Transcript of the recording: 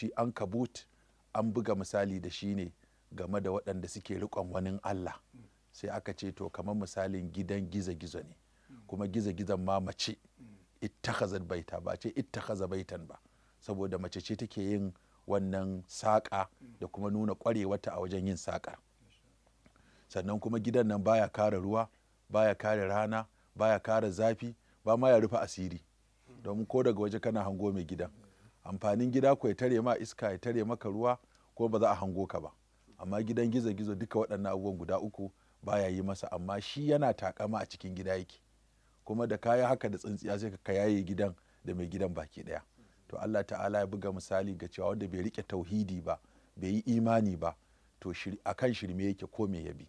shi an kabut an buga misali da shi ne game da waɗanda suke rikon wani allah sai aka ce to kamar misalin gidan giza-gizo ne kuma giza-gizan ma mace ittakhazat baita ba ce ittakhaza baitan ba saboda mace ce take yin wannan saƙa da kuma nuna ƙwarewarta a wajen yin saƙa sannan kuma gidan nan baya kare ruwa baya kare rana baya kare zafi ba ma ya rufe asiri domin ko daga waje kana hango mai gidan amfanin gida ko ya tare ma iska ya tare maka ruwa ko ba za a hango ka ba amma gidan gizo gizo duka waɗannan abubuwan guda uku baya yi masa amma shi yana takama a cikin gida yake kuma da kaya haka da tsintsiya sai ka yaye gidan da mai gidan baki ɗaya to Allah ta'ala ya buga misali ga cewa wanda bai rike tauhidi ba bai yi imani ba to akan shirme yake ko me ya bi